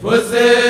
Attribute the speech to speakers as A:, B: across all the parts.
A: fose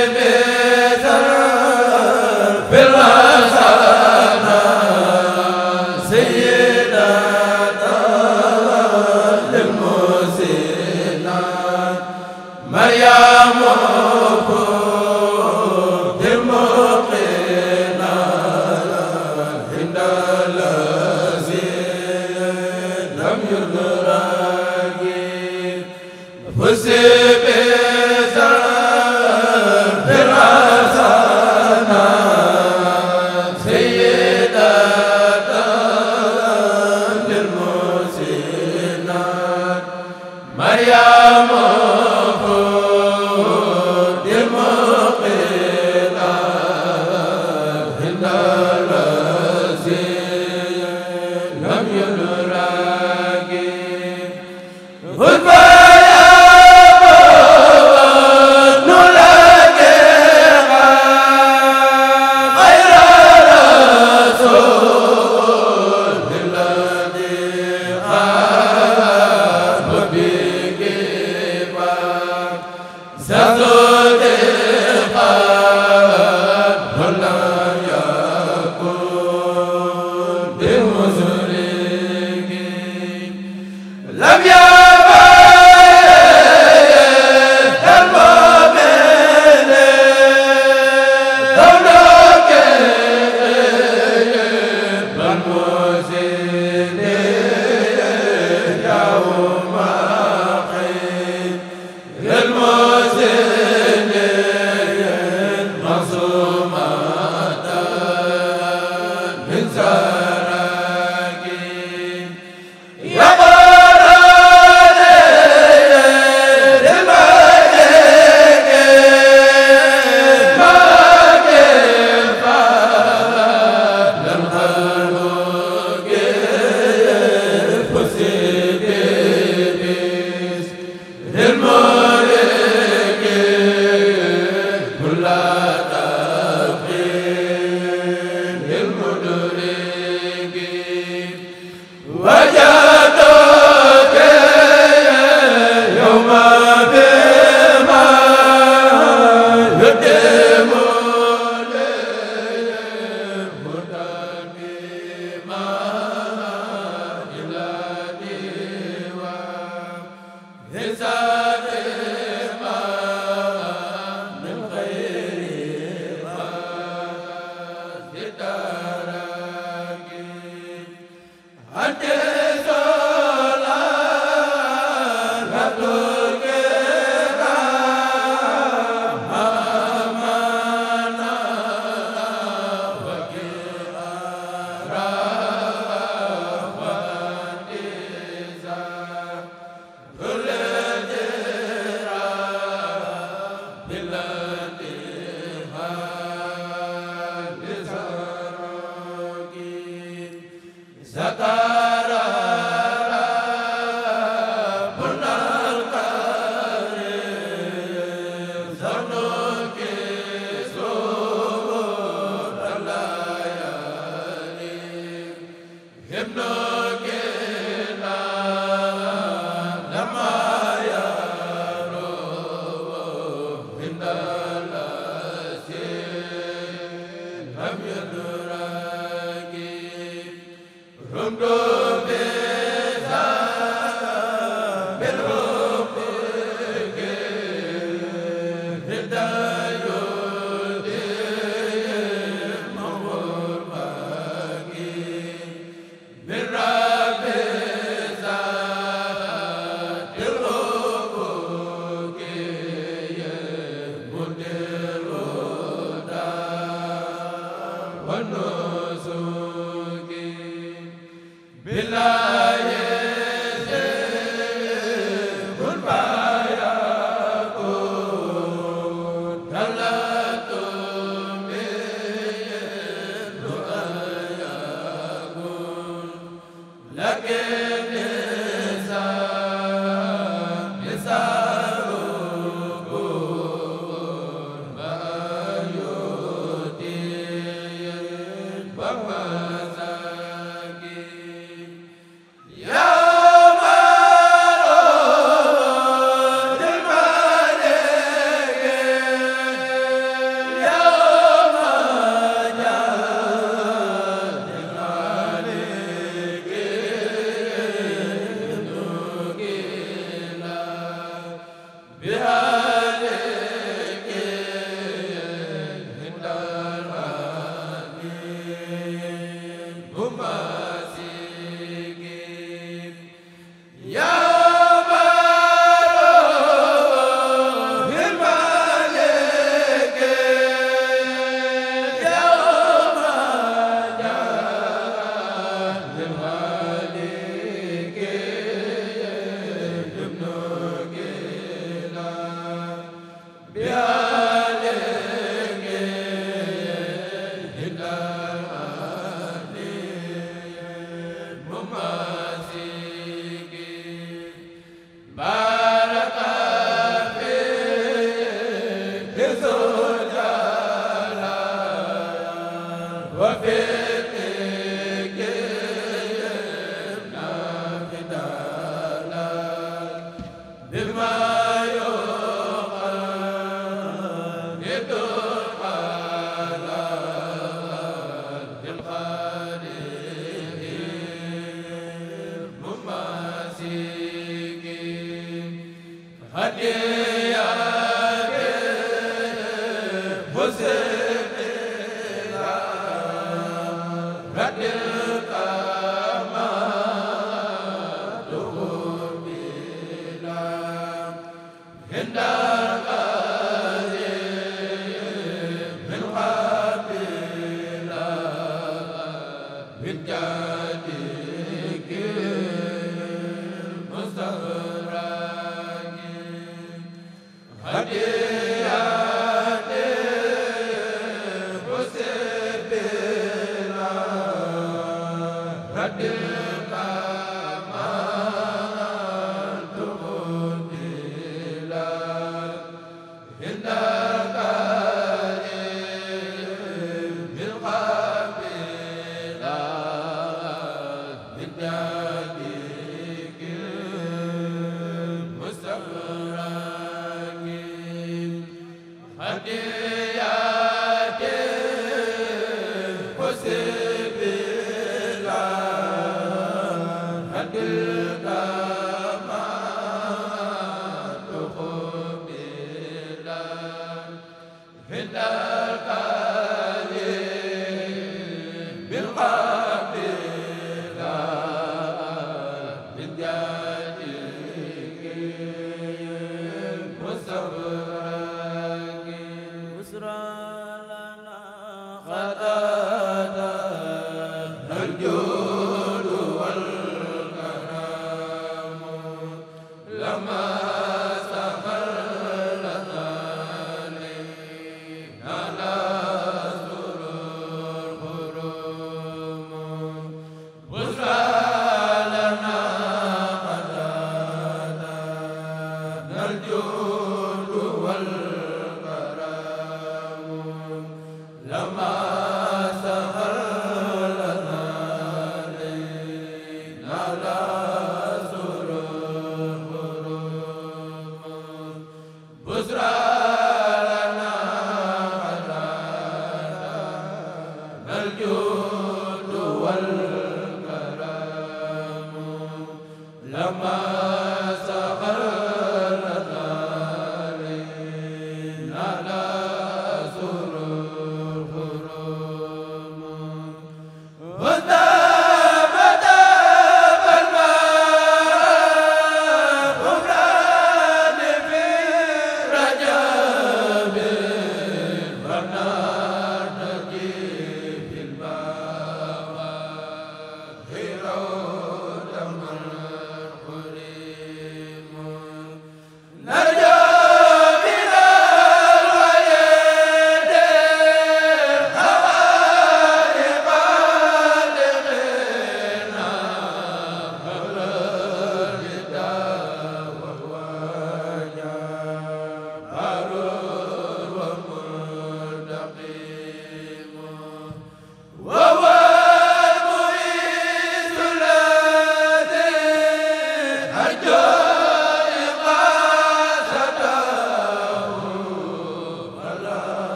A: sa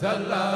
A: sal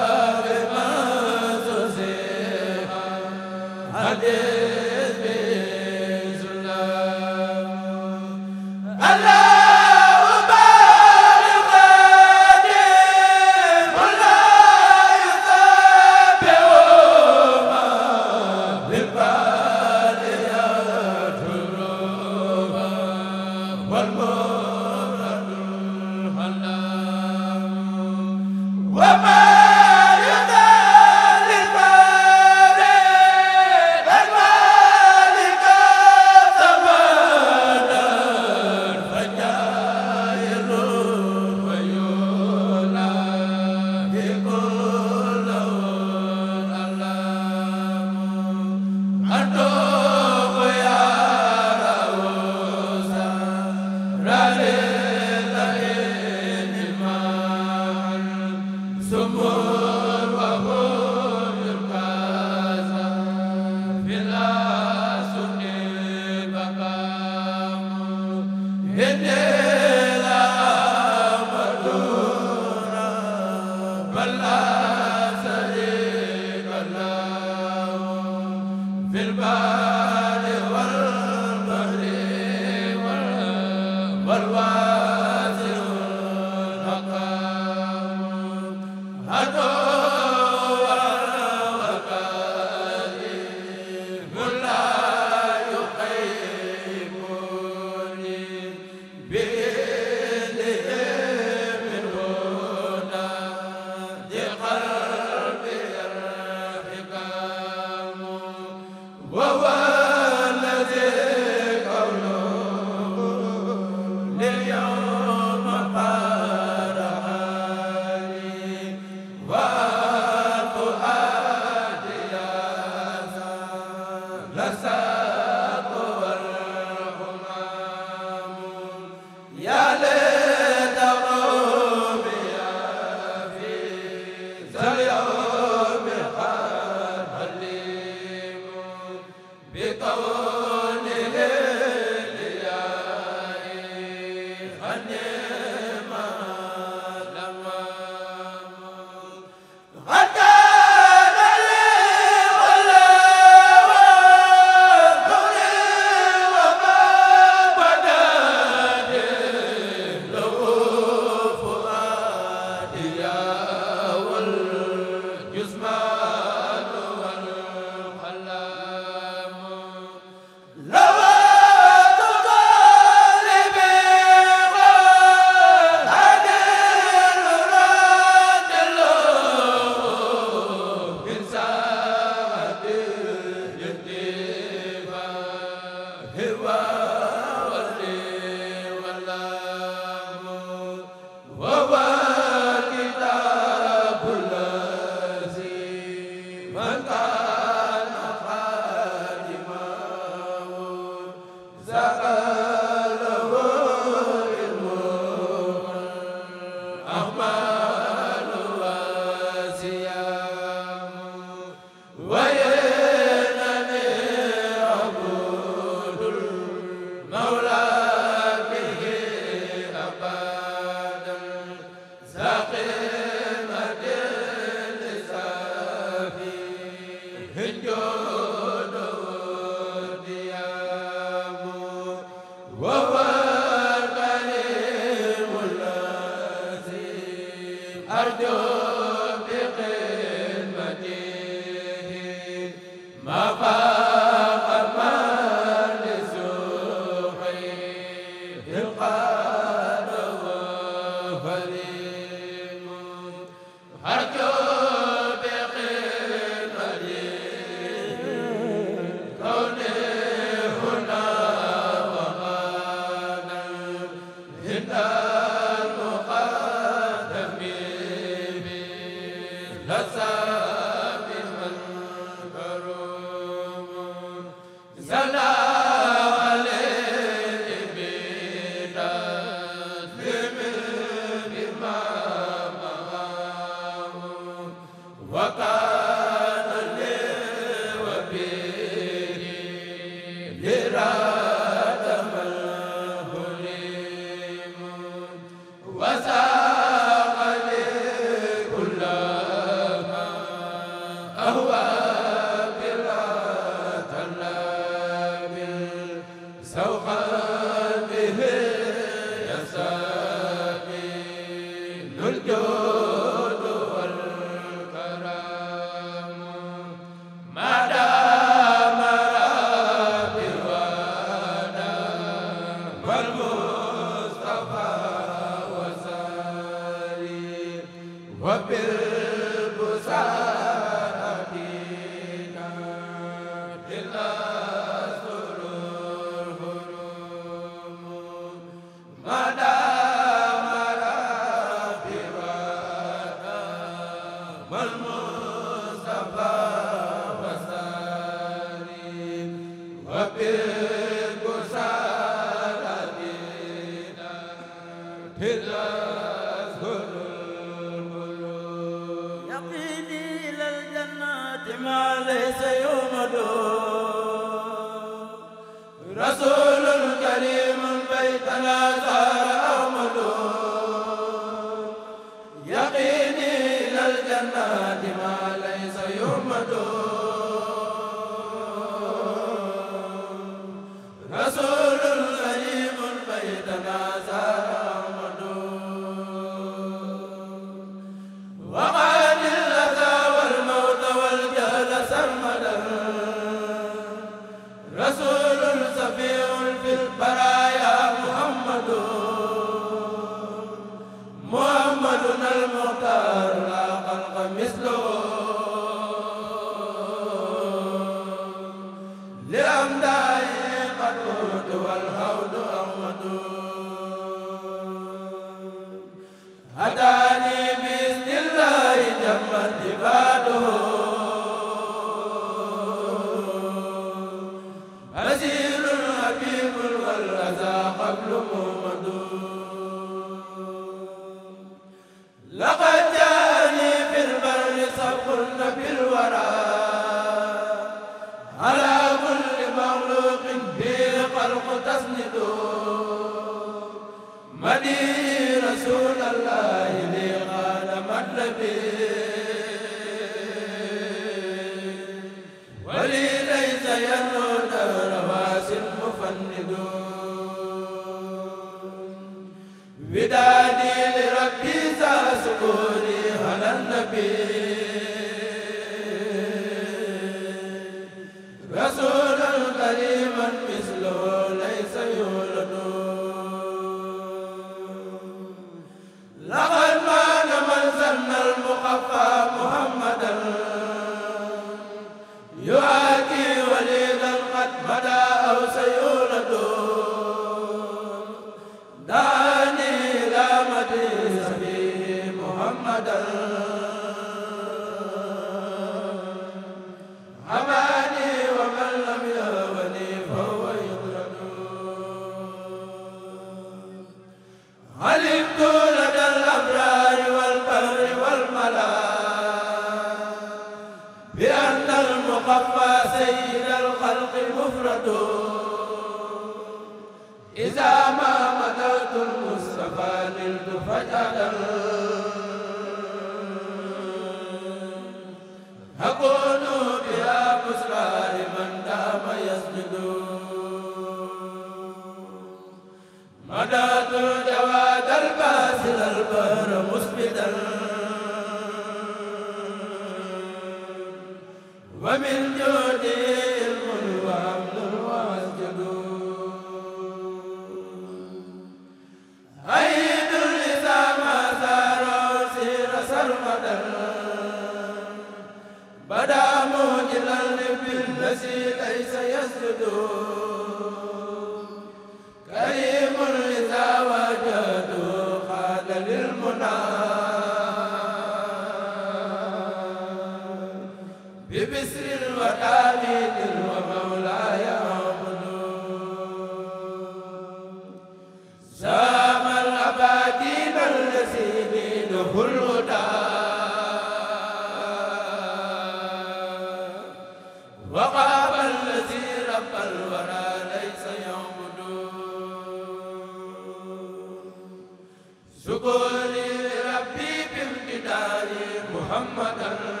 A: محمدا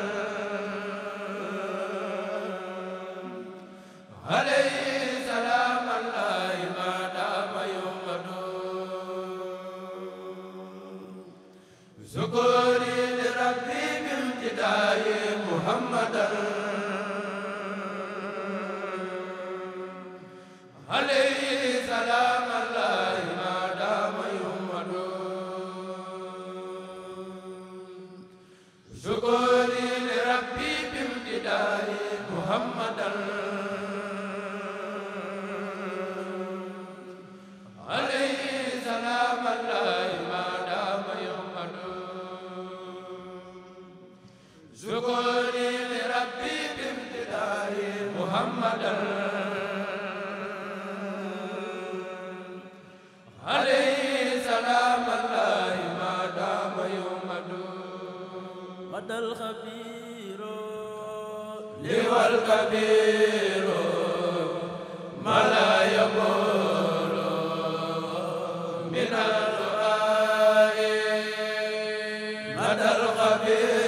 A: Amen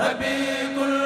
A: nabi